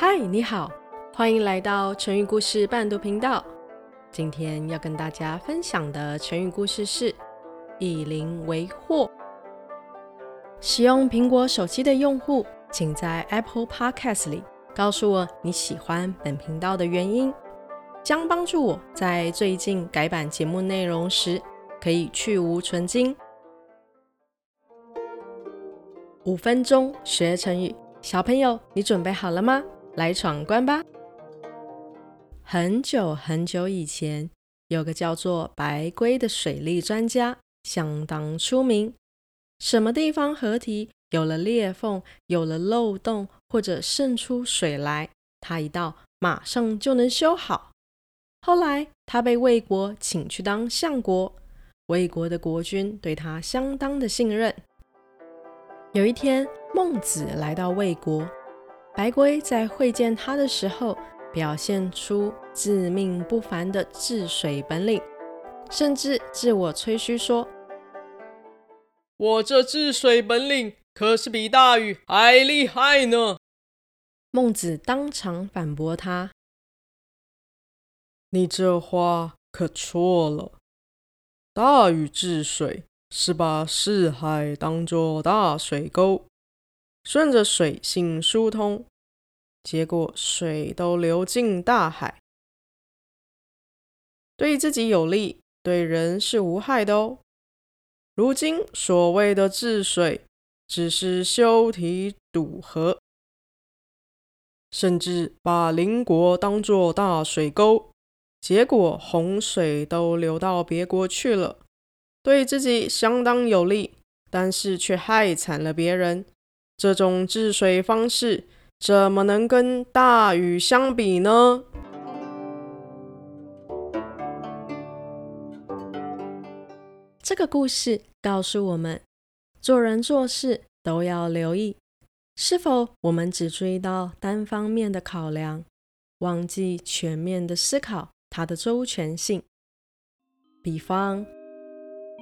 嗨，Hi, 你好，歡迎來到成語故事伴讀頻道。今天要跟大家分享的成語故事是“以鄰為壑”。使用蘋果手機的用戶，請在 Apple Podcast 裡告訴我你喜歡本頻道的原因，將幫助我在最近改版節目內容時可以去蕪存菁。五分鐘學成語，小朋友，你準備好了嗎？來闖關吧！很久很久以前，有個叫做白圭的水利專家，相當出名。什麼地方河堤有了裂縫，有了漏洞，或者滲出水來，他一到，馬上就能修好。後來，他被魏國請去當相國，魏國的國君對他相當的信任。有一天，孟子來到魏國。白圭在會見他的時候，表現出自命不凡的治水本領，甚至自我吹噓說：“我這治水本領可是比大禹還厲害呢。”孟子當場反駁他：“你這話可錯了，大禹治水是把四海當作大水溝。”順着水性疏通，結果水都流進大海，對自己有利，對人是無害的哦。如今所謂的治水，只是修堤堵河，甚至把鄰國當作大水溝，結果洪水都流到別國去了，對自己相當有利，但是卻害慘了別人。這種治水方式怎麼能跟大禹相比呢？這個故事告訴我們，做人做事都要留意。是否我們只注意到單方面的考量，忘記全面的思考它的周全性？比方，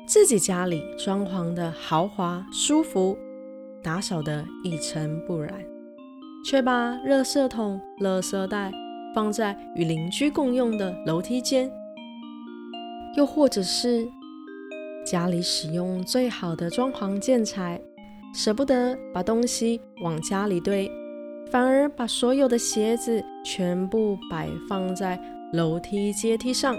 自己家裡裝潢的豪華、舒服，打掃得一塵不染，卻把垃圾桶、垃圾袋放在與鄰居共用的樓梯間；又或者是家裡使用最好的裝潢建材，捨不得把東西往家裡堆，反而把所有的鞋子全部擺放在樓梯階梯上。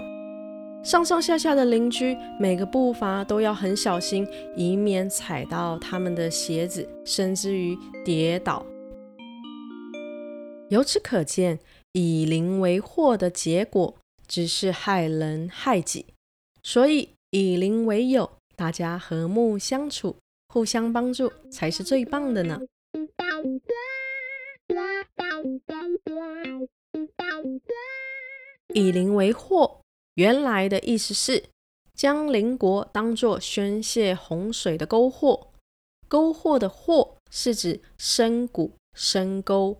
上上下下的鄰居，每個步伐都要很小心，以免踩到他們的鞋子，甚至於跌倒。由此可見，以鄰為壑的結果只是害人害己，所以以鄰為友，大家和睦相處，互相幫助才是最棒的呢。以鄰為壑。原來的意思是將鄰國當作宣洩洪水的溝壑，溝壑的“壑”是指深谷、深溝。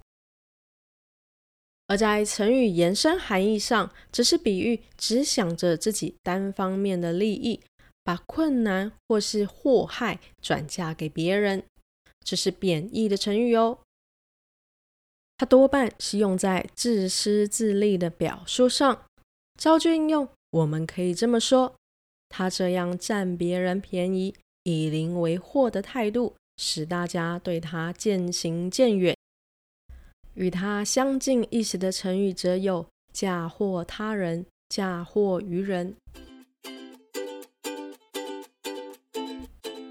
而在成語延伸含義上，只是比喻只想着自己單方面的利益，把困難或是禍害轉嫁給別人，這是貶義的成語哦。它多半是用在自私自利的表述上。造句應用，我們可以這麼說：他這樣占別人便宜、以鄰為壑的態度，使大家對他漸行漸遠。與他相近意思的成語則有“嫁禍他人”“嫁禍於人”。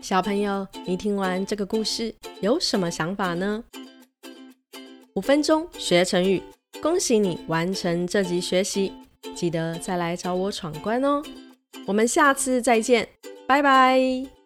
小朋友，你聽完這個故事有什麼想法呢？五分鐘學成語，恭喜你完成這集學習。記得再來找我闖關哦。我們下次再見，拜拜。